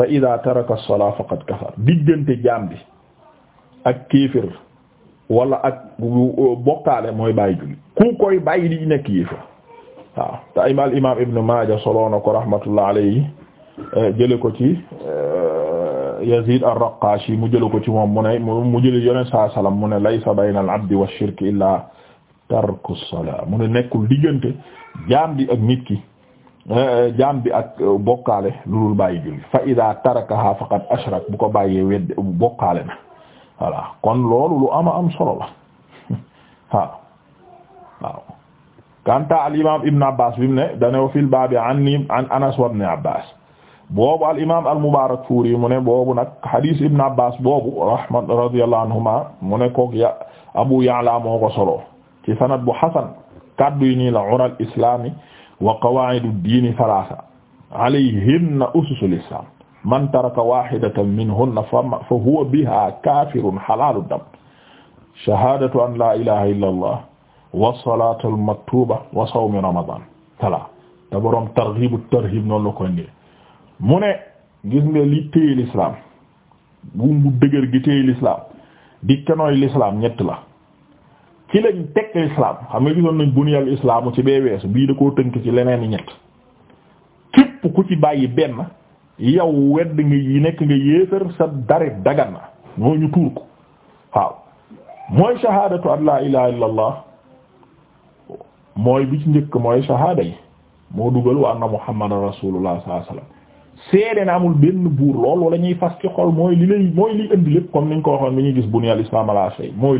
fa ida taraka as-salaa faqad kafar diggante jaam bi ak kéefër wala ak bokkaale mooy bàyyi julli ku koy bàyyi di nekk yéefër waaw te imaam imaam Ibn Maaja soloo na ko rahmatullah alayhi jële ko ci euh, Yazid ar-Raqashi mu jële ko ci moom mu ne mu jële yoneen saa salaam mu ne laysa bayna al-abdi wa shirki illaa tarku as-salaa mu ne nekkul diggante jaam bi ak nit ki Eh, jaam bi ak eh, bokkaale lulul bàyyi julli fa ida tarakaha faqad ashrak bu ko bàyyee na kon loolu lu ama am solo la kanta al ibn abbas bi mu boobu al imam al mubarakfuri boobu nag hadith ibn abbas boobu rahmat radiyallahu anhuma mu ne abu ya'la moo solo ci sanad bu hasan kaddu yi nii la ural wa qawaa'idu diini salaasa alayhinna ususul islaam man taraka waahidatan minhunna fa huwa bihaa kaafirun halaalu dam shahaadatu an laa ilaaha illallah wa salaatul maktuuba wa sawmi ramadaan tala te boroom targhiibu tarhiib noonu la ko indee mu ne gis nga li téye l'islam bu mu dëgër gi téye l'islam di kenooy l'islam ñett la. ci lañ teg l'islam xam nga gisoon nañ buniyal islaamu ci bee weesu bii da koo tënk ci leneen ñett képp ku ci bàyyi benn yow wedd nga yi nekk nga yéefar sa dare dagan na ñoo ñu tuur ko waaw mooy shahaadatu an laa ilaha illa mooy bi ci njëkk mooy shahaada yi moo dugal waa anna muhammadan rasulullah sallallahu alayhi wasallam seede na amul benn buur lool wala ñuy fas ci xol mooy li lay mooy liy indi lépp comme niñ ko waxoon bi ñu gis buniyal islam ala shay mooy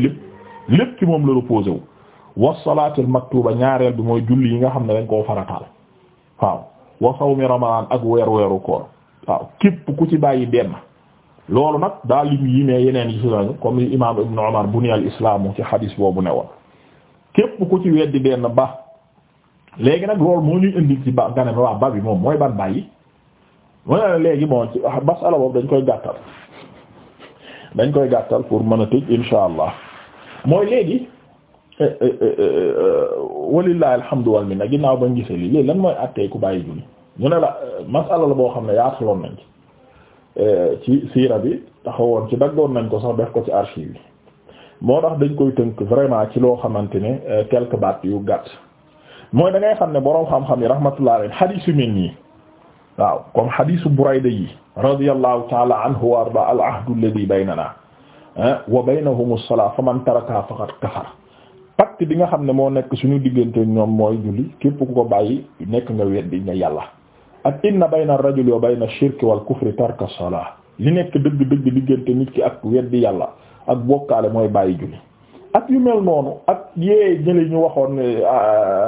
lépp ci moom la reposé wax wa salaatul maktuba ñaareel bi mooy julli yi nga xam ne dañ koo farataal waaw wa sawmi ramadan ak weer weeru koor waaw képp ku ci bàyyi benn loolu nag daa lim yi ne yeneen yi si lañu comme li imam ibn Umar buniya al islaamu ci xadis boobu ne woon képp ku ci weddi benn ba léegi nag loolu moo ñuy indi ci ba nga ne waa ba bi moom mooy ban bàyyi mu ne léegi moom masala boobu dañ koy gàttal dañ koy gàttal pour mën a allah mooy léegi eh, eh, eh, walillahi alhamdu wal minna ginnaaw bañ gisee lii léegi lan mooy àttee ku bàyyi julli mu ne la masala la boo xam ne yaataloon nañ ci siira bi taxawoon ci daggoon nañ ko sax def ko ci archive bi moo tax dañ koy tënk vraiment ci loo xamante ne quelques baat yu gàtt mooy dangay xam ne boroom xam-xam yi rahmatullah alayhi xadiis yu mel nii waaw comme xadiisu Burayda yi radiyallahu ta'ala anhu wa arda al ahdu alladhi baynana Ah, wa baynahum as-salaa fa man tarakaha faqad kafar pacte bi nga xam ne moo nekk suñu diggante ñoom mooy julli képp ku ko bàyyi nekk nga weddi nga yàlla ak inna bayna ar-rajuli wa bayna ash-shirki wal kufri tarka as-salaa li nekk dëgg dëgg diggante nit ki ak weddi yàlla ak bokkaale mooy bàyyi julli ak yu mel noonu ak yee ñëli ñu waxoon eh,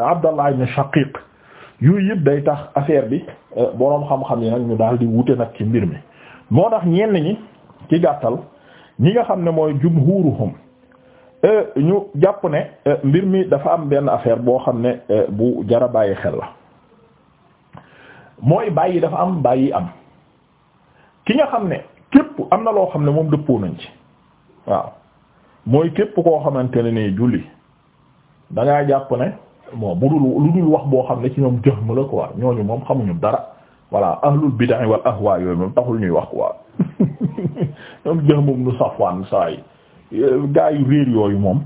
Abdallah ibn Shaqiq yooyu yëpp day tax affaire bi eh, boroom xam-xam yi nag ñu daal di wute nag ci mbir mi moo tax ñenn ñi ci gàttal ñi nga xam ne mooy jumhuruhum e, ñu jàpp ne e, mbir mi dafa am benn affaire boo xam ne e, bu jara bàyyi xel la mooy bàyyi dafa am bàyyi am ki nga xam ne képp am na loo xam ne moom dëppoo nañ ci waaw mooy képp koo xamante ne nii julli da ngaa jàpp ne bon bu dul lu dul wax boo xam ne ci ñoom jëxma la quoi ñooñu moom xamuñu dara voilà ahlul bid'a wal ahwa yooyu moom taxul ñuy wax quoi ñoom Jahm ibn Safwan saa yi gaa yu réer yooyu moom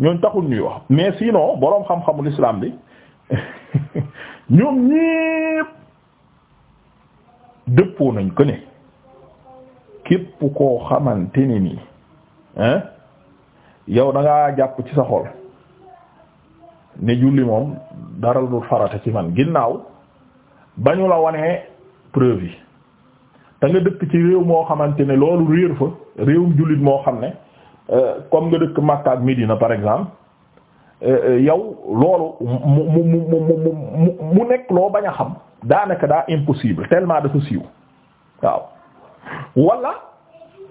ñooñ taxul ñuy wax mais sinon boroom xam-xamul islam bi ñoom ñépp dëppoo nañ ko ne képp koo xamante ni nii hein yow da jàpp ci sa xol ne julli moom dara lu farata ci man ginnaaw. bañu la wanee preuve yi te nga dëkk ci réew moo xamante ne loolu réer fa réewum jullit moo xam ne euh, comme nga dëkk Makka ak Medina par exemple euh, euh, yow loolu mu mu mu mu mu mu nekk loo bañ a xam daanaka daa impossible tellement dafa siiw waaw wala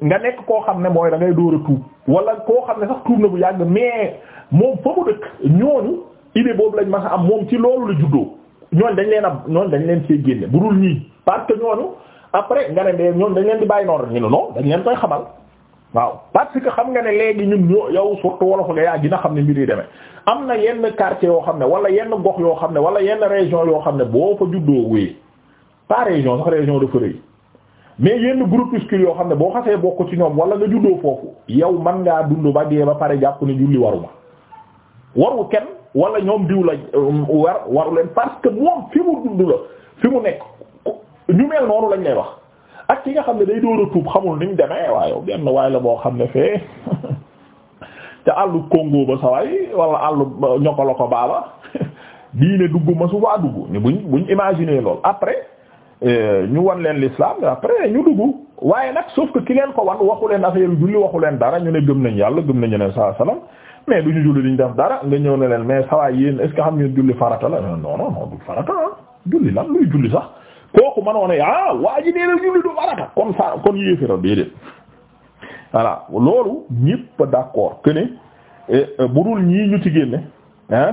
nga nekk koo xam ne mooy dangay ngay dóor a tuub wala koo xam ne sax tuub na bu yàgg mais moom fa mu dëkk ñooñu idée boobu lañ mën a am moom ci loolu la juddoo ñooñ dañ leen a ñooñ dañ leen cee génne bu dul ñii parce que ñooñu après nga ne de ñooñ dañ leen di bàyyi noonu ñu ne non dañ leen koy xamal waaw parce que xam nga ne léegi ñun ñoo yow surtout wolof nga yaa gina xam ne mbir yi demee am na yenn quartier yoo xam ne wala yenn gox yoo xam ne wala yenn région yoo xam ne boo fa juddoo wéyee pas région sax région dafa rëy mais yenn groupe groupuscule yoo xam ne boo xasee bokk ci ñoom wala nga juddoo foofu yow man ngaa dund ba dee ba pare jàpp ne julli waruma waru kenn wala ñoom diw la um, war waru leen parce que moom fi mu dund la fi mu nekk ñu mel noonu lañ lay wax ak ki nga xam ne day door a tuub xamul ni mu demee waaye benn waay la boo xam ne fee ca àllu Congo ba saway wala àllu ñokkala ko baaba ne dugg ma su waa dugg ñu buñ buñ imaginer lool après euh, ñu wan leen l'islam après ñu dugg waaye nag sauf que ki leen ko wan waxu leen affaire julli waxu leen dara ñu ne gëm nañ yàlla gëm nañ yeneen saa mais du ñu julli di ñu def dara nga ñëw ne leen mais saa waay est ce que xam ngeen julli farata la non non non du farata ah. julli lan luy julli sax kooku mënoo ne ah waa ji nee julli du farata kon saa kon yéefara déedéet voilà loolu ñëpp d'accord que eh, eh, bu dul ñii ñu ci génne ah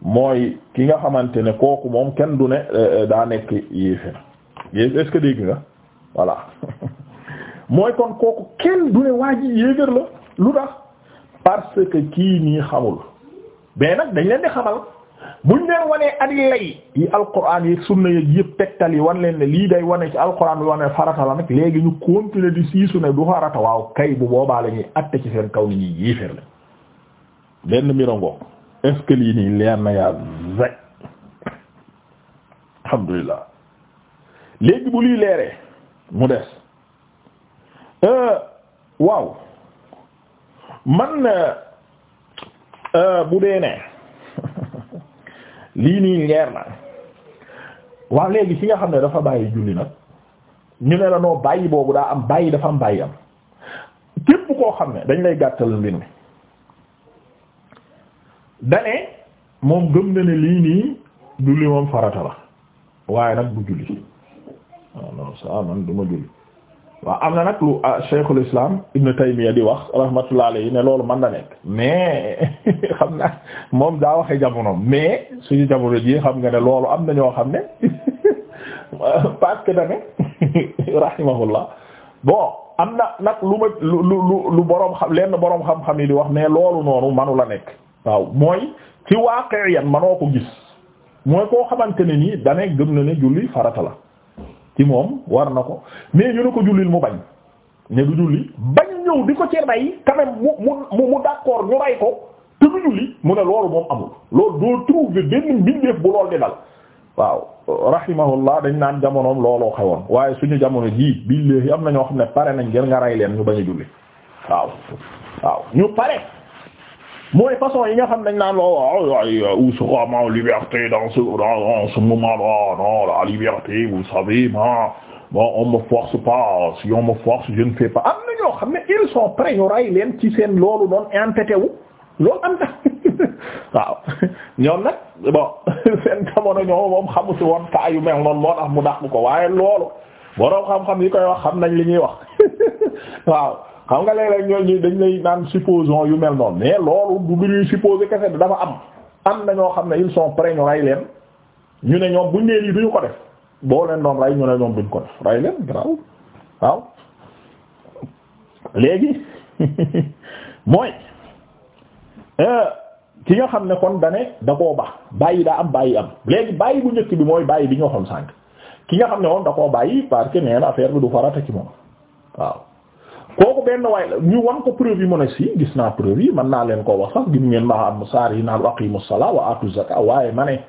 mooy ki nga xamante ne kooku moom kenn du ne eh, daa nekk yéefara est ce dégg nga voilà mooy kon kooku kenn du ne waa ji yéefar la lu tax. parce que kii nii xamul mais nag dañ leen di xamal buñ leen wanee ak lay yi alquran yi sunna yi yëpp tegtal yi wan leen lii day wane ci alquran bi wane farata la nag léegi ñu continuer di siisu ne du farata waaw kay bu boobaa la ñuy ci seen kaw ni ñuy yéeféer la benn mirongo est nii leer na yaa zay alhamdulillah léegi bu lii leeree mu des euh, waaw man euh, euh, bu dee ne lii nii leer na waa léegi ci nga xam ne dafa bàyyi julli nag ñu ne la noo bàyyi boobu daa am bàyyi dafa am bàyyi am képp koo xam ne dañ lay gàttal mbir mi dane moom gëm na ne lii nii julli moom farata la waaye nag bu julli waaw ah non ça man duma julli waaw am na nag lu ah, Cheikhul Islam Ibn Taymiyya di wax rahmatullah yi ne loolu man na nekk mais xam na moom daa waxee jamono mais suñu jamono ji xam nga ne loolu am na ñoo xam ne parce que dane rahimahullah am na nag lu ma lu lu lu boroom xam lenn boroom xam-xam yi di wax mais loolu noonu manu la nekk waaw mooy ci waaqiyan manoo ko gis mooy koo xamante ni nii dane gëm na ne julli farata la ci moom war na ko mais ñu ne ko jullil mu bañ ne du julli bañ ñëw di ko ci rey quand même mu mu mu d'accord ñu rey ko te du julli mu ne loolu moom amul loolu doo trouver benn mbindeef bu lool di dal waaw rahimahullah dañ naan jamonoom looloo xewoon waaye suñu jamono jii billahi am na ñoo xam ne pare nañ ngeen nga rey leen ñu bañ a julli waaw waaw ñu pare mooy façon yi nga xam nañ naan lo a euh, où sera ma liberté dans ce dans ce moment là non la liberté vous savez ma bon on me force pas si on me force je ne fais pas am na ñoo xam ne ils sont prêts ñu ray leen ci seen loolu noonu entêté wu loolu am na waaw ñoom nag bon seen jamono ñoom moom xamu si woon kaa yu mel noonu moo tax mu dàq ko waaye loolu boroom xam-xam yi koy wax xam nañ li ñuy wax waaw xam nga léeg-léeg ñooñu dañ lay naan supposons yu mel noonu mais loolu du bi ñuy supposé kese dafa am am na ñoo xam ne ils sont prêts ñu rey leen ñu ne ñoom buñ nee lii duñu ko def boo leen doon rey ñu ne ñoom duñ ko def rey leen garaaw waaw léegi mooy euh, ki nga xam ne kon dane da koo bax bàyyi daa am bàyyi am léegi bàyyi bu njëkk bi mooy bàyyi bi ñu waxoon sànq ki nga xam ne woon da koo bàyyi parce que nee na bi du farata ci moom waaw kooku benn waay la ñu wan ko preuve yi si gis naa preuve yi mën naa leen koo wax sax gis ngeen ma am saar yi naan aqimu salaa wa atu zaka waaye ma ne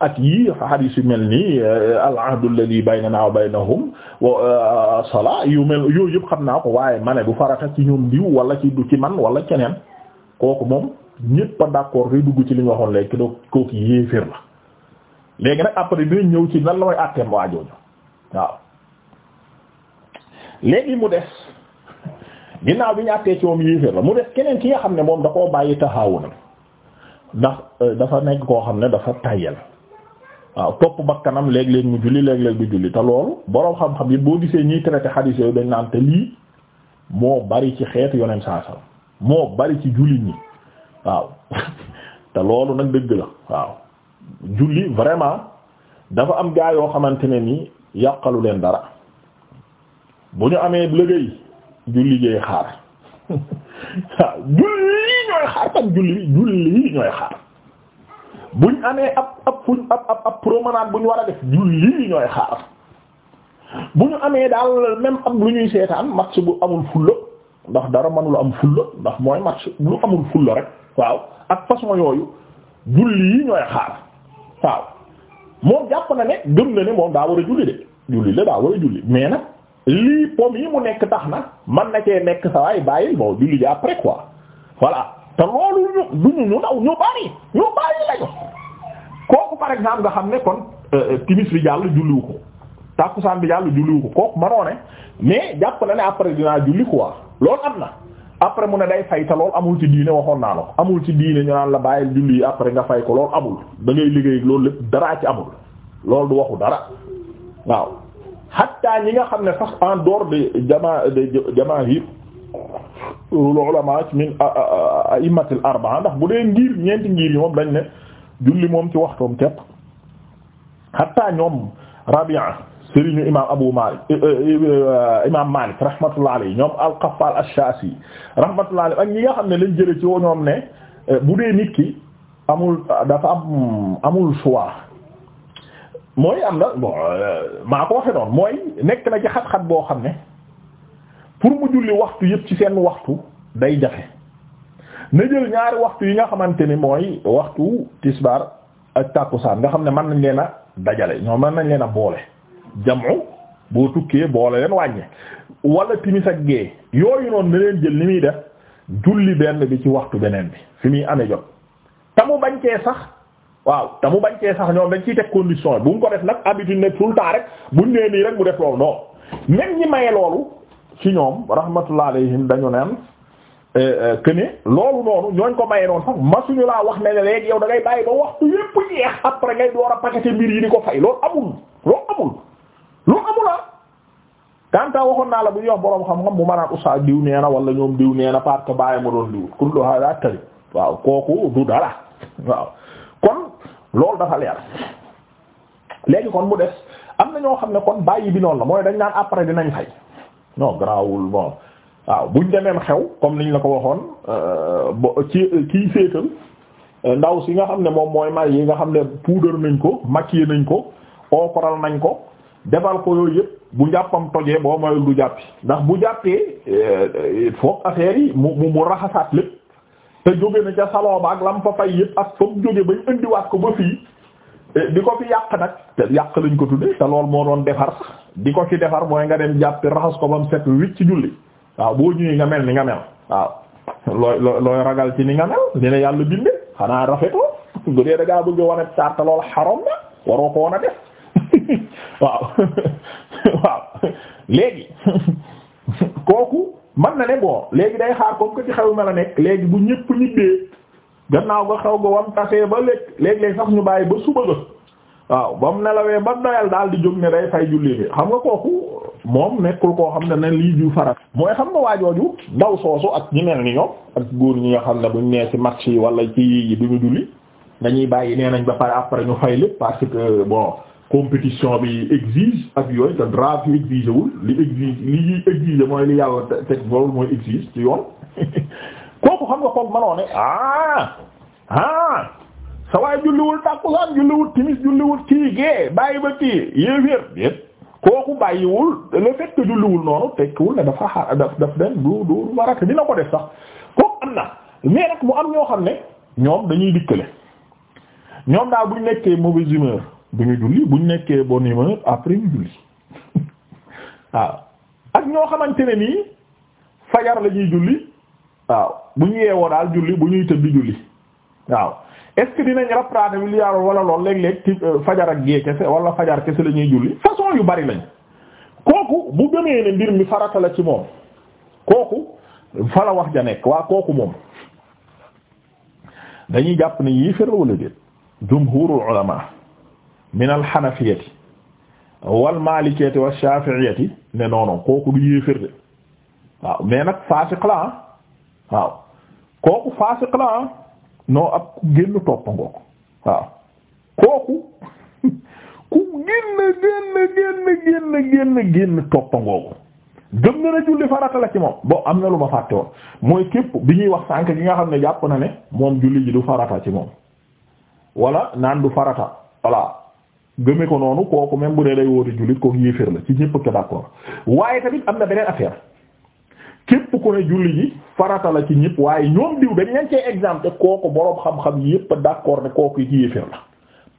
ak yii hadis yu mel nii eh, al ahdu alladhi baynana wa baynahum wa eh, salaa yu mel yooyu yëpp xam naa ko waaye ma ne du farata ci ñoom diw wala ci du ci man wala keneen kooku moom ñépp a d'accord day dugg ci li ñu waxoon léegi ki doo kooku yéeféer la léegi nag après dinañ ñëw ci nan la mooy àtteem waajooju waaw léegi mu des ginnaaw bi ñu àttee ci moom yéeféer la mu def keneen ki nga xam ne moom da koo bàyyi taxawunam ndax euh, dafa nekk koo xam ne dafa tayel waaw topp kanam léeg-léeg mu julli léeg-léeg du julli te loolu boroom xam-xam yi boo gisee ñiy traité xadiis yooyu dañ naan te lii moo bari ci xeet yoneen saasal moo bari ci julli ñi waaw te loolu nag dëgg la waaw julli vraiment dafa am gaa yoo xamante ne nii yàqalu leen dara bu ñu amee liggéey julli jëy xaar waaw julli ñooy xaar tam julli julli ñooy xaar buñ amee ab ab fuñ ab ab ab promenade buñ war a def julli ñooy xaar bu ñu amee daal même am lu ñuy seetaan match bu amul fulla ndax dara mënula am fulla ndax mooy match lu amul fulla rek waaw ak façon yooyu julli yi ñooy xaar waaw moom jàpp na ne gëm na ne moom daa war a julli de julli la daa war a julli mais nag lii pom yi mu nekk tax na man na cee nekk sa waay bàyyil bon julli ji après quoi voilà te loolu ñu duñu ñu ndaw ñu bari ñu bari lañu kooku par exemple nga xam ne kon euh, euh, timis bi jàll julliwu ko tàkkusaan bi jàll julliwu ko kooku manoo ne mais jàpp na ne après dinaa julli quoi loolu am na après mu ne day fay te loolu amul ci diine waxoon naa la ko amul ci diine ñu naan la bàyyil julli yi après nga fay ko loolu amul da liggéey loolu lépp daraa ci amul loolu du dara waaw hatta ñi nga xam ne sax en dehors de jamaa de jamaahir ulama min a'immatil arba'a ndax bu dee ngir ñeenti ngir yi moom dañ ne julli moom ci waxtoom képp hatta ñoom Rabi'a sëriñu imaam Abu Malik eh, eh, eh, imaam Malik rahmatullahi alayhi ñoom al-Qaffal ash-Shashi rahmatullahi alayhi ak ñi nga xam ne lañ jële ci ñoom ne bu dee nit ki amul dafa am amul choix mooy am na bon euh, maa ko waxe noonu mooy nekk na ci xat-xat boo xam ne pour mu julli waxtu yëpp ci seen waxtu day jafe na jël ñaari waxtu yi nga xamante ni mooy waxtu tisbaar ak tàkkusaan nga xam ne mën nañ leen a dajale ñoo mën nañ leen a boole jamu boo tukkee boole leen wàññe wala timis ak gée yooyu noonu na leen jël ni muy def julli benn bi ci waxtu beneen bi fi muy amee jot te mu sax waaw te mu bañ cee sax ñoom dañ ciy teg condition bu mu ko def nag habitude ne tout le rek buñ nee nii rek mu def loolu non même ñi maye loolu ci ñoom rahmatullah alayhim dañu neen eh, eh, que ne loolu noonu ñooñ ko maye noonu sax masuñu laa wax ne ne léegi yow da bàyyi ba waxtu yépp jeex après ngay door a paqueté mbir yi ni ko fay loolu amul loolu amul loolu amul ah. waxoon naa la bu ñuy wax borom xam-xam bu ma naan oustaz diw nee na wala ñoom diw nee na parce que bàyyi ma doon diw kullu waaw kooku du kon loolu dafa leer léegi kon mu des am na ñoo xam ne kon bàyyi bi noonu la mooy dañ naan après dinañ fay non garaawul bon waaw buñ demeen xew comme niñ la ko waxoon euh, bo ci kii féetal euh, ndaw si nga xam ne moom mooy may yi nga xam ne puudar nañ ko maquillé nañ ko ookoral nañ ko defal ko yooyu yëpp bu njàppam tojee boo mayul du jàppi ndax bu jàppee euh, foog affaire yi mu mu raxasaat lépp te jóge na ca salon ba ak lam fa fay yëpp ak fa jóge ba indiwaat ko ba fii eh, di ko fi yàq nag yàq lañ ko tudde te lool moo doon defar di ko fi defar mooy nga dem jàppi raxas ko ba mu set wicc ci julli waaw boo ñëwee nga mel ni nga mel waaw looy looy ragal ci ni nga mel ni la yàlla binde xanaa rafetoo bu dee da ngaa bëgg wane saar te lool xarom na waroo ko wan a def waaw waaw léegi kooku man na ne bon léegi day xaar comme ci xew ma la nekk léegi bu ñëpp ñibbee gannaaw ba xew ga wam tasee ba léeg léeg-léeg sax ñu bàyyi ba suba ga waaw ba mu nelawee ba doyal daal di jóg ne day fay julli fi xam nga kooku moom nekkul koo xam ne na lii ju farat mooy xam nga waajooju ndaw soosu ak ñi mel ni ñoom ak góor ñi nga xam ne buñ nee si match yi wala ci yi yi duñu julli dañuy bàyyi nee nañ ba pare après ñu fay lépp parce que bon compétition bi exige ak yooyu te draft yu exige wul li exige li ñuy exige mooy li yàlla teg loolu mooy exige ci yoon kooku xam nga kooku mënoo ne ah ah sa waay julliwul tàkkusaan julliwul timis julliwul kii bàyyi ba kii yéeféer yépp kooku bàyyiwul le fait que julliwul noonu tekkiwul ne dafa daf dem du du warata dina ko def sax kooku am na mais nag mu am ñoo xam ne ñoom dañuy dikkale ñoom daal buñ nekkee mauvaise humeur du ñu julli buñ nekkee bonne humeur après ñu julli waaw ak ñoo xamante ne nii fajar la ñuy julli waaw bu ñu yeewoo daal julli bu ñuy tëdd julli waaw est-ce que dinañ rattraper bi liaar wala lool léeg-léeg ci euh, fajar ak gée kese wala fajar kese la julli façon yu bari lañ kooku bu gëmee ne mbir mi farata la ci moom kooku fa la wax ja nekk waa kooku moom dañuy jàpp ne yii fër la wala jumhurul ulama min alxanafiyati wal maalikiyati wa shafi'iyati ne noonon kooku du yéefér de waaw mais nag faasiq la ah waaw kooku faasiq la ah noo ab ku génn toppangoo ko waaw kooku ku génn génn génn génn génn génn toppangoo ko gëm na na julli farata la ci moom bon am na lu ma fàtte woon mooy képp bi ñuy wax sànk gi nga xam ne jàpp na ne moom julli ji du farata ci moom wala naan du farata voilà gëme ko noonu kooku même bu dee day woote jullit kooku yéeféer la ci ñépp ko d'accord waaye tamit am na beneen affaire képp ko ne julli ji farata la ci ñépp waaye ñoom diw dañ leen cee exemple kooku boroom xam-xam yépp d'accord ne kooku yi ci yéeféer la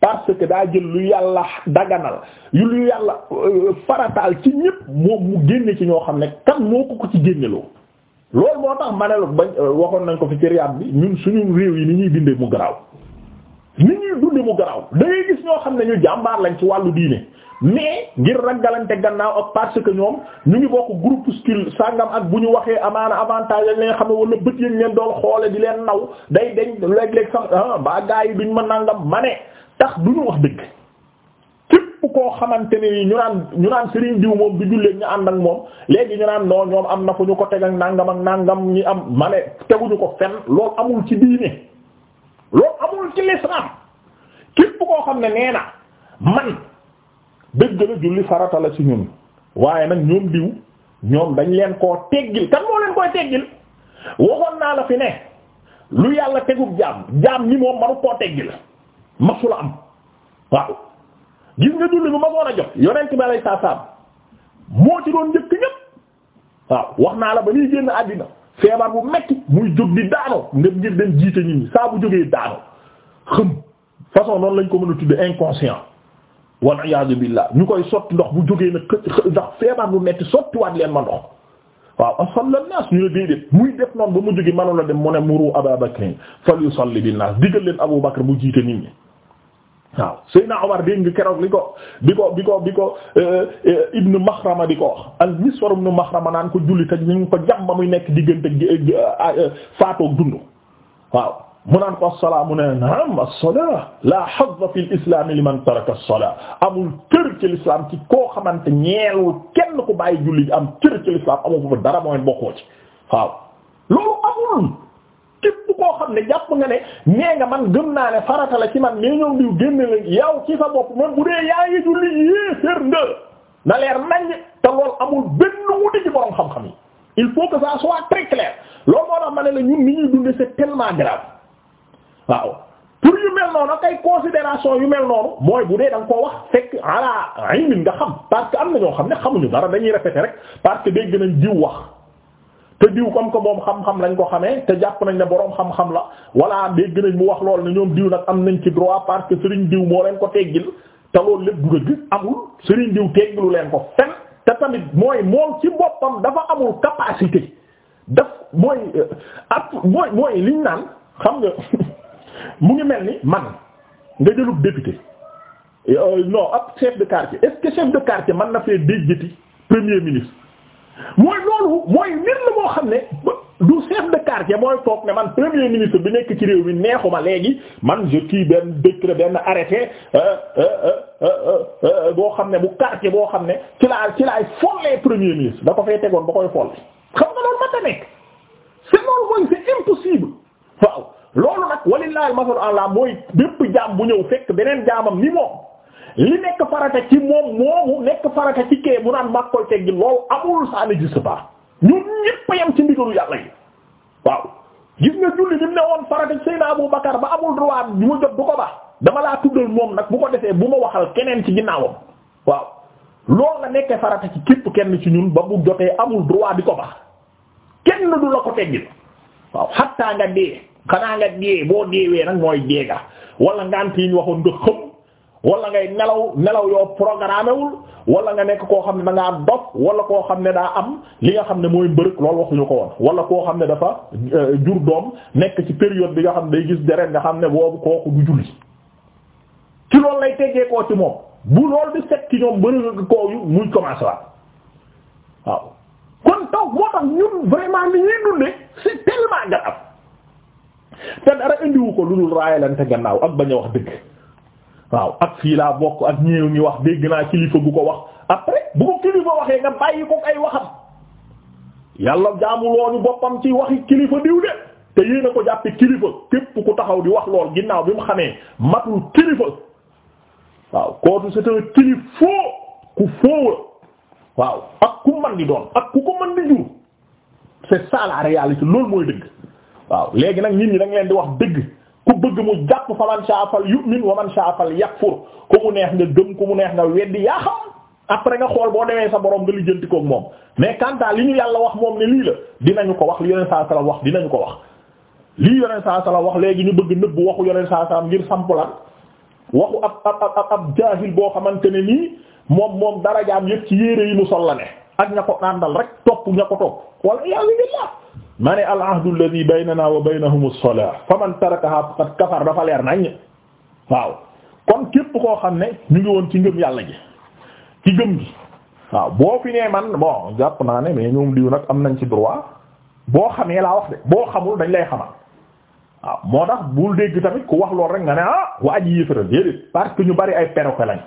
parce que daa jël lu yàlla daganal yu lu yàlla euh, farataal ci ñépp moom mu génne ci ñoo xam ne kan moo ko ko ci génneloo loolu moo tax ma ne la bañ euh, waxoon nañ ko fi ci riyaat bi ñun suñu réew yi ni ñuy bindee mu garaaw ni ñuy dunde mu garaaw da gis ñoo xam ne ñu jàmbaar lañ ci wàllu diine mais ngir ragalante gannaaw ak parce que ñoom ñu ngi bokk groupuscule sàngam ak bu ñu waxee amaana avantage lañ leen xam ne wala bët yéen leen doon xoole di leen naw day dañ léeg-léeg sax ah ba gaa yi duñ ma nangam ma ne tax du ñu wax dëgg képp koo xamante ne ñu naan ñu naan Serigne diw moom du jullee ñu ànd ak moom léegi ñu naan non ñoom am na fu ñu ko teg ak nangam ak nangam am ma teguñu ko fenn loolu amul ci diine. loolu amul ci l'islam képp koo xam ne nee na man dëgg la julli farata la ci ñun waaye nag ñoom diw ñoom dañ leen koo teggil kan moo leen koy teggil naa la fi ne lu yàlla tegub jaam jaam ni moom manu koo am waaw gis nga julli bu ma a jot yonent bi alay saa saam moo ci doon njëkk ñëpp waaw wax naa la ba nuy génn àddina feebar bu metti muy jóg di daano ndem ngir dem jiite nit ñi saa bu jógee daano xëm façon noonu lañ ko mën a tudde inconscient wal iyaadu billah ñu koy sotti ndox bu jógee nag ndax feebar bu metti sottiwaat leen ma ndox waaw asalla naas ñu ne déedéet muy def noonu ba mu jógee mënu la dem mu ne muru Abaa Bakrin fal yusalli bin naas digal leen Abu Bakr mu jiite nit ñi waaw Seydina Omar dégg nga keroog li ko bi ko bi ko bi ko euh, euh, Ibn Makhrama di ko wax al Miswar ibn Makhrama naan ko jullit ak ñu ngi ko jàmm ba muy nekk diggante euh, faatoog dund waaw mu naan ko as-salaa mu ne naam as-salaa laa hazza fil islaam liman taraka as-salaa amul cër ci l'islam ci koo xamante ñeelul kenn ku bàyyi julli am cër ci l'islam amul foofu dara mooy bokkoo ci waaw loolu amul. xam ne jàpp nga ne nee nga man gëm naa ne farata la ci man mais ñoom diw génne la yow ci sa bopp même bu dee yaa ngi julli yéeféer nga na leer naññ te loolu amul benn wuti ci borom xam-xam yi il faut que ça soit très clair loolu moo tax ma ne la ñun ni ñuy dunde c'est tellement grave waaw pour yu mel noonu ak ay considération yu mel noonu mooy bu dee da koo wax fekk ala ilmin nga xam parce que am na ñoo xam ne xamuñu dara dañuy répéter rek parce que dégg nañ diw wax te diw comme que moom xam-xam lañ ko xamee te jàpp nañ ne boroom xam-xam la walla dégg nañ mu wax lool ne ñoom diw nag am nañ ci droit parce que sëriñ diw moo leen ko teggil te loolu lépp du dëgg amul sëriñ diw teggilu leen ko fen te tamit mooy moom ci boppam dafa amul capacité daf mooy euh, ak mooy mooy liñ naan xam nga mu ngi mel ni man nga jëlub député euh, non ab chef de quartier est-ce que chef de quartier man na fee déjjati premier ministre mooy loolu mooy nit la moo xam ne du chef de quartier mooy toog ne man premier ministre bi nekk ci réew mi neexuma léegi man je kii benn décret benn arrêté euh, euh, euh, boo xam ne bu quartier boo xam ne ci laa ci laay follee premier ministre da ko fay tegoon ba koy foll xam nga loolu mënta nekk c'est loolu mooy c'est impossible waaw loolu nag walillahi al-masal ala mooy bépp jaam bu ñëw fekk beneen jaamam ni moom li nekk farata ci moom moomu nekk farata ci kee mu naan maa koy teggi loolu amul ça n'existe pas ñun ñépp a yem ci ndigalu yàlla yi waaw gis nga julli ni mu ne woon farata ci Seydina Abu Bakar ba amul droit bi mu jot du ko ba dama laa tuddal moom nag bu ko defee bu ma waxal keneen ci ginnaawam waaw loolu la nekkee farata ci képp kenn ci ñun ba bu jotee amul droit di ko ba kenn du la ko teggil waaw xattaa nga dee xanaa nga dee boo deewee nag mooy deega wala ngant yi ñu wala ngay nelaw nelaw yoo programmé wul wala nga nekk koo xam ne da ngaa dof wala koo xam ne daa am li nga xam ne mooy mbërëg loolu waxuñu ko woon wala koo xam ne dafa euh, jur doom nekk ci période bi nga xam ne day gis deret nga xam ne boobu kooku du julli ci loolu lay teggee koo ci moom bu lool di set ci ñoom mbërëg koo yu muy commencé waaw kon taw moo tax ñun vraiment ni ñuy dundee c'est tellement grave te dara indiwu ko lu dul raayalante gannaaw ak bañ a waaw ak fii laa bokk ak ñeew ñi wax dégg naa kilifa bu ko wax après bu ko kilifa waxee nga bàyyi ko ay waxam yàlla jaamulooñu boppam ci waxi kilifa diw de te yéen a ko jàppe kilifa képp ku taxaw di wax lool ginnaaw bi mu xamee matul kilifa waaw kootu c'est un kilifa ku foowa waaw ak ku man di doon ak ku ko man di jur c'est ça la réalité loolu mooy dëgg waaw léegi nag nit ñi da leen di wax dëgg ku bëgg mu jàpp fa man saa fal yu'min wa man saa fal yakfur ku mu neex nga gëm ku mu neex nga weddi yaa xam après nga xool boo demee sa borom nga lijjanti koog moom mais quant li ñu yàlla wax moom ne lii la dinañu ko wax li sa saa sala wax dinañu ko wax. lii yoneen saa sala wax léegi ñu bëgg nëbbu waxu yoneen saa sala ngir sampulan waxu ab ab ab ab jaahil boo xamante ne nii moom moom darajaam yëpp ci yére yi mu sol la ne ak ña ko àndal rek topp ko topp ma ne al ahdu alladhi baynana wa baynahum as-salah faman tarakaha faqad kafar dafa leer nañ waaw kon képp koo xam ne ñu ngi woon ci ngëm yàlla ji ci ngëm gi waaw boo fi nee man bon jàpp naa ne mais ñoom diw nag am nañ ci droit boo xamee laa wax de boo xamul dañ lay xamal waaw moo tax bul dégg tamit ku wax lool rek nga ne ah waa ji yéefara déedéet parce que ñu bari ay perroquet lañ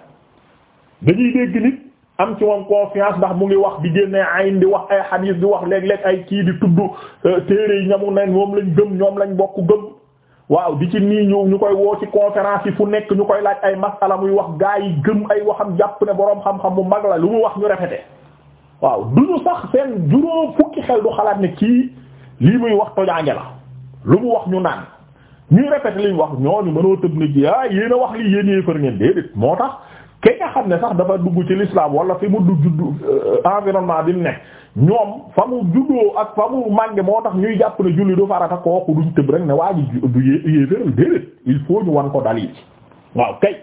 dañuy dégg nit am ci moom confiance ndax mu ngi wax di génne ayn di wax ay xadiis di wax léeg-léeg ay kii di tudd euh, téere yi ñamu nen moom lañ gëm ñoom lañ bokk gëm waaw di ci nii ñu ñu koy woo ci conférence yi fu nekk ñu koy laaj ay masala muy wax gaa yi gëm ay waxam jàpp ne boroom xam-xam bu mag la lu mu wax ñu répété waaw du ñu sax seen juróom fukki xel du xalaat ne kii lii muy wax tojaange la lu mu wax ñu naan ñuy répété li ñu wax ñooñu mënoo tëb ne ji ah yéen a wax lii yéen yéefar ngeen moo tax ki nga xam ne sax dafa dugg ci lislaam wala fi mu judd euh, environnement bi mu ne ñoom fa mu juddoo ak fa mu mànge moo tax ñuy jàpp ne julli du farata kooku duñ tëb rek ne waa ji du yéeféeral déedéet il faut ñu wan ko dalil waaw kay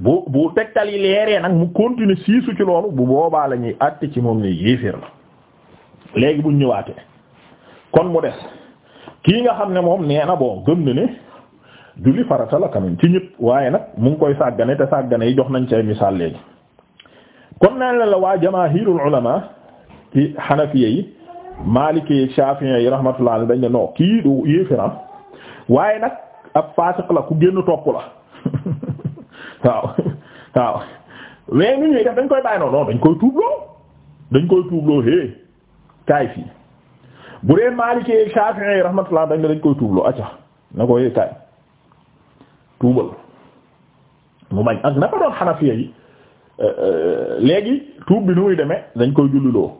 bu bu tegtal yi leeree nag mu continuer siisu ci loolu bu boobaa la ñuy àtte ci moom ne yéeféer la léegi buñ ñëwaatee kon mu des kii nga xam ne moom nee na bon na ne julli farata la kamin ci ñëpp waaye nag mu ngi koy sàggane te sàggane yi jox nañ ci ay misaal léegi kon naan la la waa jamaahirul ulama ci xanafiya yi maalikee yi yi rahmatullah dañ ne non kii du waaye nag ab la ku génn topp la waaw waaw mais dañ koy bàyyi noonu non dañ koy tuubloo dañ koy tuubloo hé kaay fii bu dee maalikee yi yi rahmatullah dañ ne dañ koy tuubloo acca na ko hé kaay tuubal mu bañ ak naka doon xanafiya yi euh, euh, léegi tuub bi nu muy demee dañ koy julliloo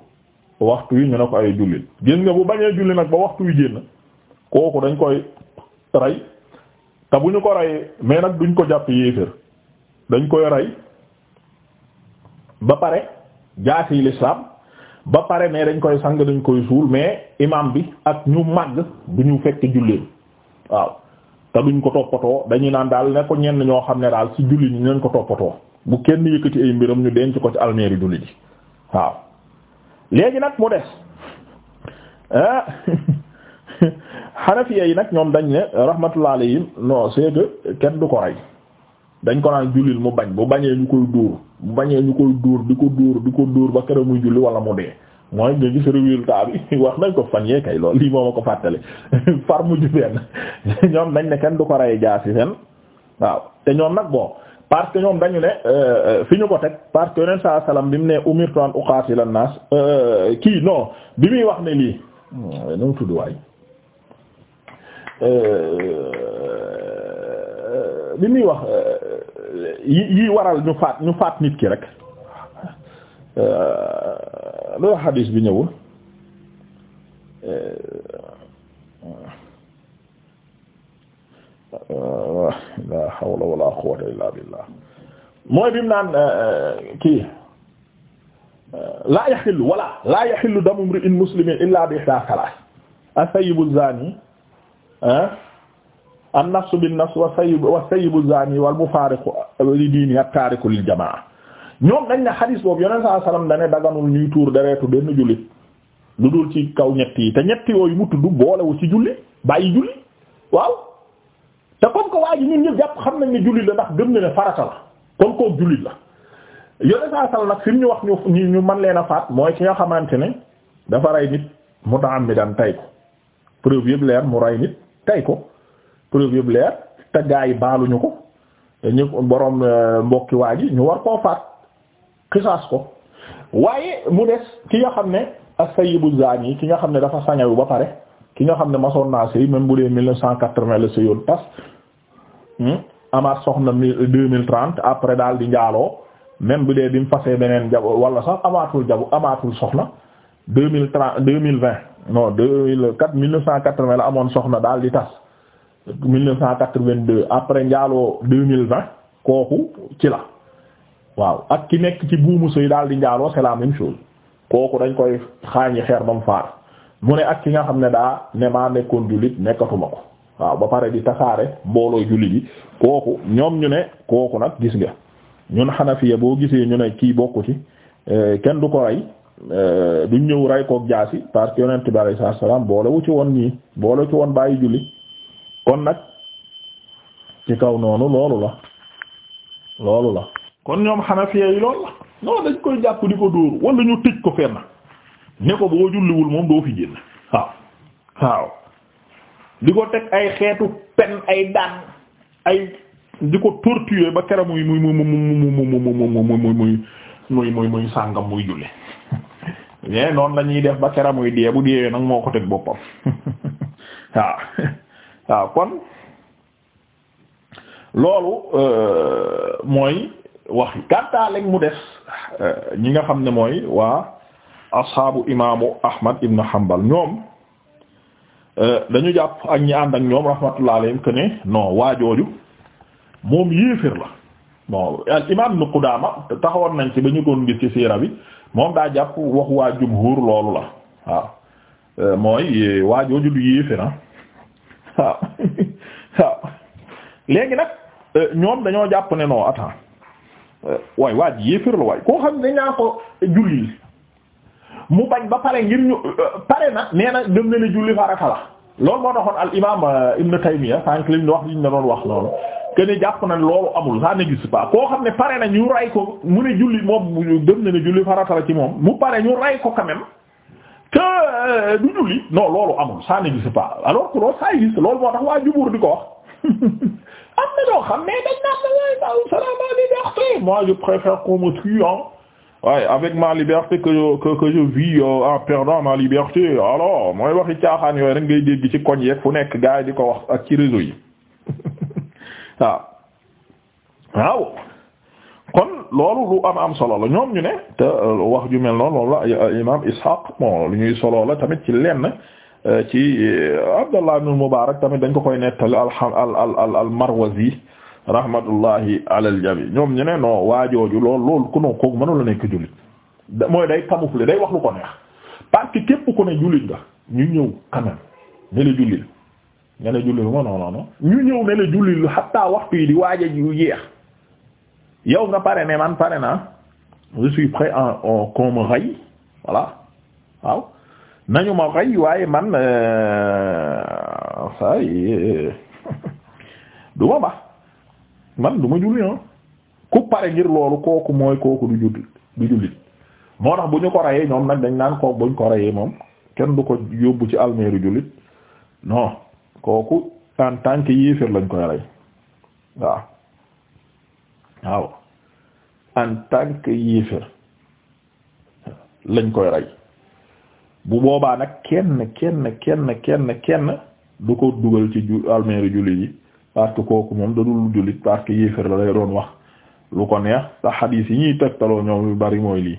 waxtu yi ñu ne ko ay jullil gis nga bu bañee julli nag ba waxtu yu génn kooku dañ koy rey te bu ñu ko rey mais nag duñ ko jàpp yéeféer dañ koy rey ba pare jaasi l'islam ba pare mais dañ koy sang dañ koy suul mais imam bi ak ñu màgg du ñu fekk julleen waaw te duñ ko toppatoo dañuy naan daal ne ko ñenn ñoo xam ne daal ci julli ñi nañ ko toppatoo bu kenn yëkkati ay mbiram ñu denc ko ci almeeri julli ji waaw léegi nag mu des xanafiya ah, yi nag ñoom dañ ne rahmatullah yi non c'est kenn du ko rey dañ ko naan jullil mu bañ bu bañee ñu koy dóor bu bañee ñu koy dóor di ko dóor di ko dóor ba kere muy julli wala mu dee mooy nga gis résultat bi wax nañ ko fan yee kay lool lii moom a ko fàttale far mujj benn ñoom dañ ne kenn du ko rey jaasi seen waaw te ñoom nag boo parce que ñoom dañu ne euh, euh, fi ñu ko teg parce que yoneen saa salaam bi mu ne umirtu an uqatil an nas euh, kii non bi muy wax ne lii hmm, nu mu tudd waay bi muy wax yi yi waral ñu faat ñu faat nit ki rek Euh, loo xadis bi ñëwul euh, la hawla wala quwwata illa billah mooy bi mu naan euh, kii laa yaxillu wala laa yaxillu damu mri'in muslimin illa bi ihda thalath as-sayyibu zani an-nafsu bin-nafs wa sayyibu wa sayyibu zani wal mufariqu li dini at-tariku lil jamaa ñoom dañ ne xadis boobu yonent saa salaam da ne daganul ñuy tuur deretu benn jullit lu dul ci kaw ñett yi te ñett yooyu mu tudd boolewu ci julli bàyyi julli waaw te comme que waa ji ñun ñëpp jàpp xam nañ ne jullit la ndax gëm na ne farata la kon koo jullit la yonent saa salaam nag fi mu ñu wax ñu ñu man leen a faat mooy ki nga xamante ne dafa rey nit mutaammidan tay ko preuve yëpp leer mu rey nit tay ko preuve yëpp leer te yi baaluñu ko ñu borom euh, mbokki waa ji ñu war koo xisaas ko waaye mu des ki nga xam ne a as-sayyibu zani ki nga xam ne dafa sañawu ba pare ki nga xam ne ma naa sëy même bu dee mille neuf cent quatre-vingt la sëyoon tas hmm, amaat soxna mille deux mil trente après daal di njaaloo même bu dee bi mu fasee beneen jabo wala amaatul jabo amaatul soxna deux mille trente deux mille vingt non deux mille quatre mille neuf cent quatre-vingt la amoon soxna daal di tas mille neuf cent quatre-vingt-deux après njaaloo deux mille vingt kooku ci la waaw ak ki nekk ci buumu sëy daal di njaaloo c'est la même kooku dañ koy xaañi xeer ba mu faar mu ne ak ki nga xam ne daa ne maa nekkoon jullit nekkatuma ko waaw ba pare di tasaare mbooloo jullit yi kooku ñoom ñu ne kooku nag gis nga ñun xanafiya boo gisee ñu ne kii bokku ci eh, kenn du ko rey eh, du ñëw rey koog jaasi parce que yonent bi alayhi salaam boole ci woon ñii boole ci woon bàyyi julli kon nag ci kaw noonu loolu la loolu la. kon ñoom xanafiya yi loolu la non dañ koy jàpp ñu ko fenn ne waaw di ko teg ay xeetu pen ay di ko torturer ba kera muy muy muy muy muy muy muy la ñuy def ba kera muy dee bu deewee nag moo ko teg boppam waaw waaw kon loolu mooy wax yi leen mu des euh, ñi nga xam ne mooy waa asxaabu imaamu Ahmad ibn Hanbal ñoom euh, dañu jàpp ak ñi ànd ak ñoom rahmatullah alayhim que ne waajooju moom yéeféer la bon al imaam Ibn nañ ci ba ñu doon gis ci siira bi moom daa jàpp wax waa jumhuur loolu la waaw euh, mooy waa jooju du yéeféer ah waaw ñoom dañoo jàpp ne non attends waay waa ji yéefér la waay koo xam ne dañ naa ko julli mu bañ ba pare ngir ñu euh, pare na nee na gëm na ne julli farata la loolu moo taxoon al imam euh, Ibn Taymiyya sànq liñ wax liñ la doon wax loolu que ne jàpp na loolu amul ça n'existe pas koo xam ne pare na ñu ray ko mu ne julli moom gëm na ne julli farata la ci moom mu pare ñu ray ko quand même euh, du julli non loolu amul ça n'existe pas alors que loolu ça existe loolu moo tax waa jubur di ko wax mois je préfère qu'on me tue hein waaye avec ma liberté que que que je vis euh, en perdant ma liberté alors mooy waxi caaxaan yooyu rek ngay dégg ci koñ yeeg fu nekk gars di ko wax ak ci réseau yi waaw ah. waaw kon loolu lu am am solo la ñoom ñu ne te euh, wax ju mel noonu loolu la imam Ishaq bon lu ñuy solo la tamit ci lenn. ci eh, Abdallah bu Mubarak tamit dañ ko koy nettali al al Marwazi rahmatullahi alal jami ñoom ñu ne non waajooju lool loolu ku noo kooku mënula nekk jullit mooy day camoufler day wax lu ko neex parce que képp ku ne jullit nga ñu ñëw quand même ne nga ne jullil ma non ñu ñëw ne la jullil xatta waxtu yi di waaja yu yeex yow nga pare ne man pare naa je suis prêt à qu'on waaw nañu ma fay waaye man say euh, ba man duma ma julli ah ku pare ngir loolu kooku mooy kooku du julli moo tax bu ñu ko rayee ñoom nag dañ naan kooku buñ ko rayee moom kenn du ko yóbbu ci almeeru jullit non kooku en tant que yéeféer lañ koy rey waaw waaw yéeféer lañ koy rey bu boobaa nag kenn kenn kenn kenn kenn du ko dugal ci ju almeeri jullit yi parce que kooku moom da dul jullit parce que yéeféer la lay doon wax lu ko neex te xadiis yi ñuy tegtaloo ñoom yu bari mooy lii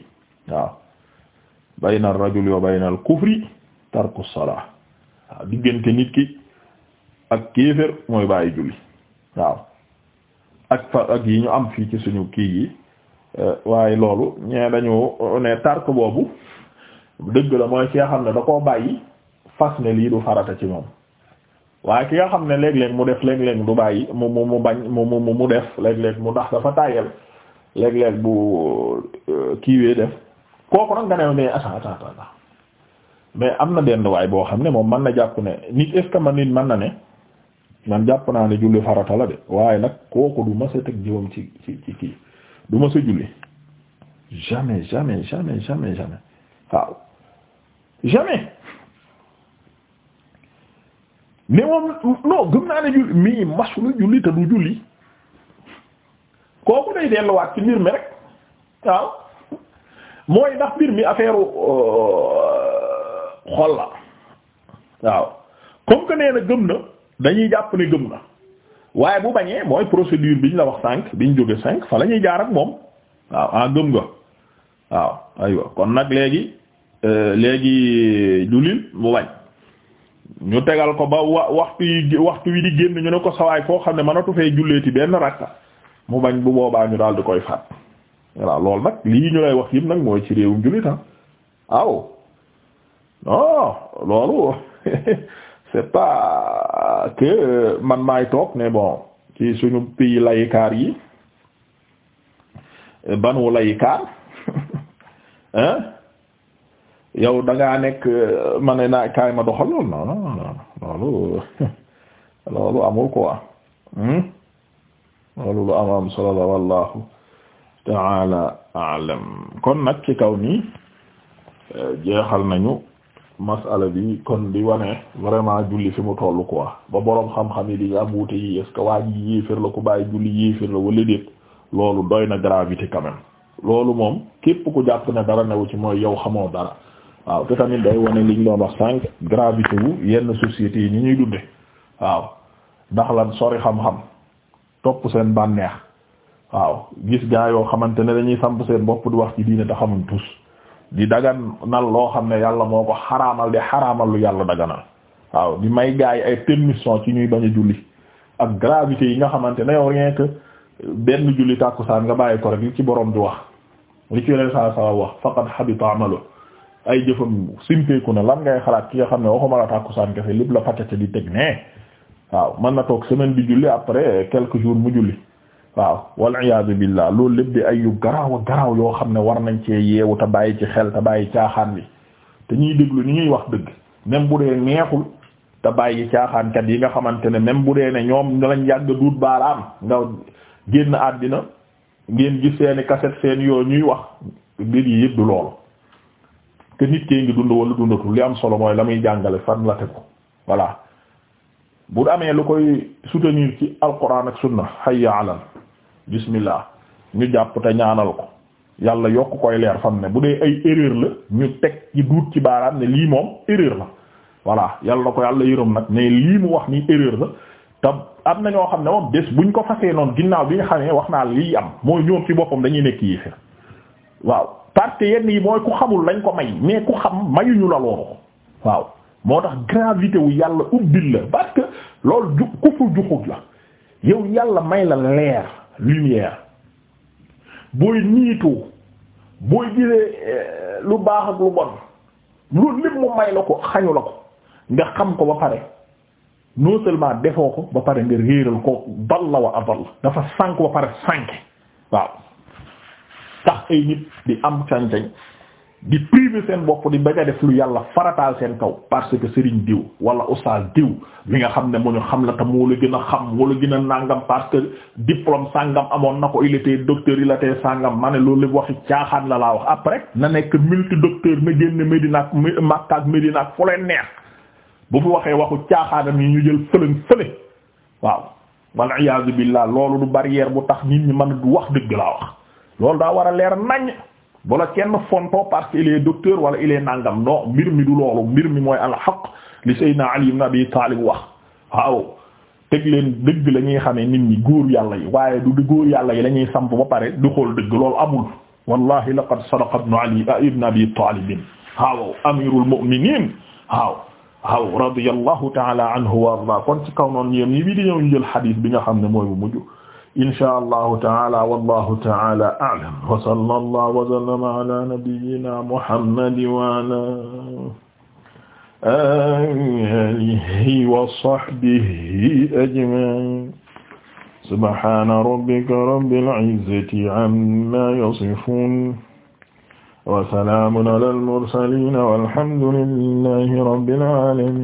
waaw bayna ar-rajuli wa bayna al-kufri tarku as waaw diggante nit ki ak kéeféer mooy bàyyi julli waaw ak fa ak yi ñu am fii ci suñu kii yi eh, waaye loolu ñee dañu ne tark boobu dëgg la mooy ki nga xam ne da koo bàyyi fas ne lii du farata ci moom waaye ki nga xam ne léeg-léeg mu def léeg-léeg du bàyyi mu mu mu bañ mu mu mu def léeg-léeg mu ndax dafa tàyyel léeg-léeg bu euh, kiiwee def kooku nag nga new ne attends attends attends mais am na benn waay boo xam ne moom mën na jàpp ne nit est-ce man nit mën na ne man jàpp naa ne julli farata la de waaye nag kooku du ma sa teg jiwam ci ci ci kii du ma sa julli jamais jamais jamais jamais jamais waaw jamais ne moom non gëm naa ne julli mii masula julli te du julli kooku day delluwaat ci mbir mi rek waaw mooy ndax mbir mi affaire euh, xol la waaw comme que nee na gëm na dañuy jàpp ne gëm na waaye bu bañee mooy procédure biñ la wax cinq biñ jóge cinq fa la ñuy jaar ak moom waaw ah gëm nga waaw aywa kon nag léegi Euh, léegi julil euh, mu bañ ñu tegal ko ba wa waxtu yi waxtu wi di génn ñu ne ko sawaay foo xam ne mënatu fee julleeti benn rakka mu bañ bu boobaa ñu daal di koy faat voilà loolu nag lii ñu lay wax yëpp nag mooy ci réewum jullit ah aw non loolu c'est pas que euh, man maay toog ne bon ci suñu pays layikaar yi banu layikaar hein yow da nekk euh, ma naa kaay ma doxal lool non loolu loolu amul quoi hmm? loolu lu am am solo la wallahu ta'ala a'lam kon nag ci kaw nii euh, jeexal nañu masala bi kon di wane vraiment julli fi mu toll quoi ba boroom xam-xam yi di am wute yi est waa ji yéefir ku bàyyi julli yéefir la wala déet loolu doy na gravité quand même loolu moom képp ku jàpp ne dara newu ci mooy yow xamoo dara waaw te tamit day wane liñ doon wax sànq gravité wu yenn sociétés yi ñi ñuy dunde waaw ndax lan sori xam-xam topp seen bànneex waaw gis gaa yoo xamante ne dañuy samp seen bopp di wax ci diine te xamuñ tus di dagan nal loo xam ne yàlla moo ko xaraamal di xaraamal lu yàlla daganal waaw di may gaa yi ay permission ci ñuy bañ a julli ak gravité yi nga xamante ne yow rien que benn julli tàkkusaan nga bàyyi ko rek li ci boroom di wax li ci yeneen saa saa wax ay jëfam simpeeku na lan ngay xalaat ki nga xam ne waxuma la tàkkusaan kese lépp la patete di teg ne waaw mën na toog semaine bi julli après quelques jours mu julli waaw wal iyaadu billah loolu lépp di ay yu garaaw a garaaw yoo xam ne war nañ cee yeewu te bàyyi ci xel te bàyyi caaxaan bi te ñuy déglu ni ñuy wax dëgg même bu dee neexul te bàyyi caaxaankat yi nga xamante ne même bu dee ne ñoom ñu lañ yàgg duut baalaam nga génn àddina ngeen gis seeni cassette seen yoo ñuy wax mbir yi yëpp du loolu que nit kee ngi dund wala dundatul li am solo mooy la muy jàngale fan la tegu voilà bu amee lu koy soutenir ci alquran ak sunna hayya alal bismillah ñu jàpp ñaanal ko yàlla yokk koy leer fam ne bu dee ay erreur la ñu teg ci duut ci baaraam ne lii moom erreur la voilà yàlla na ko yàlla yërëm nag ne lii mu wax nii erreur la te am na ñoo xam ne moom bu buñ ko fasee noonu ginnaaw bi nga xamee wax naa lii am mooy ñoom ci boppam dañuy nekk yéeféer waaw parce que yenn yi mooy ku xamul lañ ko may mais ku xam mayuñu la loolu waaw moo tax gravité wu yàlla ubbil la parce que loolu ju ku fu juxut la yow yàlla may la leer lumière booy niitu booy gisee euh, lu baax ak lu bon loolu lépp mu may la ko xañu la ko nga xam ko ba pare non seulement defoo ko ba pare nga réeral ko dal la wa adal dafa sànk ba pare sànk waaw tax nit di am sañ-sañ di priver seen bopp di bañ a def lu yàlla farataal seen kaw parce que Serigne diw wala oustaz diw li nga xam ne mu ñu xam la te moo la gën a xam wala gën a nàngam parce que diplôme sàngam amoon na ko il était docteur il était sàngam ma ne loolu waxi caaxaan la laa wax après na nekk multi docteur na génne Médina ak Makka ak Médina ak fu leen neex bu fi waxee waxu caaxaanam yi ñu jël fëlan fële waaw wal iyaazu billah loolu du barrière bu tax nit ñi mën du wax dëgg laa loolu daa war a leer nañ bu la kenn fontoo parce qu'il est docteur wala il est nangam non mbir mi du loolu mbir mi mooy alxaq li Seydina Ali ibn Abi Talib wax waaw teg leen dëgg la ñuy xamee nit ñi góor yàlla yi waaye du góor yàlla yi la ñuy samp ba pare du xool dëgg loolu amul wallahi laqad sadaqa ibn Ali ah, ibn Abi Talib waaw amirul mu'minin waaw waaw radiyallahu ta'ala anhu wa arda kon ci kaw noonu yéen ñi bii di ñëw ñu bi nga xam ne mooy bu mujj insha allahu taala wallahu taala a'lam wa sallallahu wa sallama ala nabiyyina muhammad wa ala alihi wa sahbihi ajma'in subhana rabbika rabbil izzati amma yasifun wa salamun ala al mursalin walhamdulillahi rabbil alamin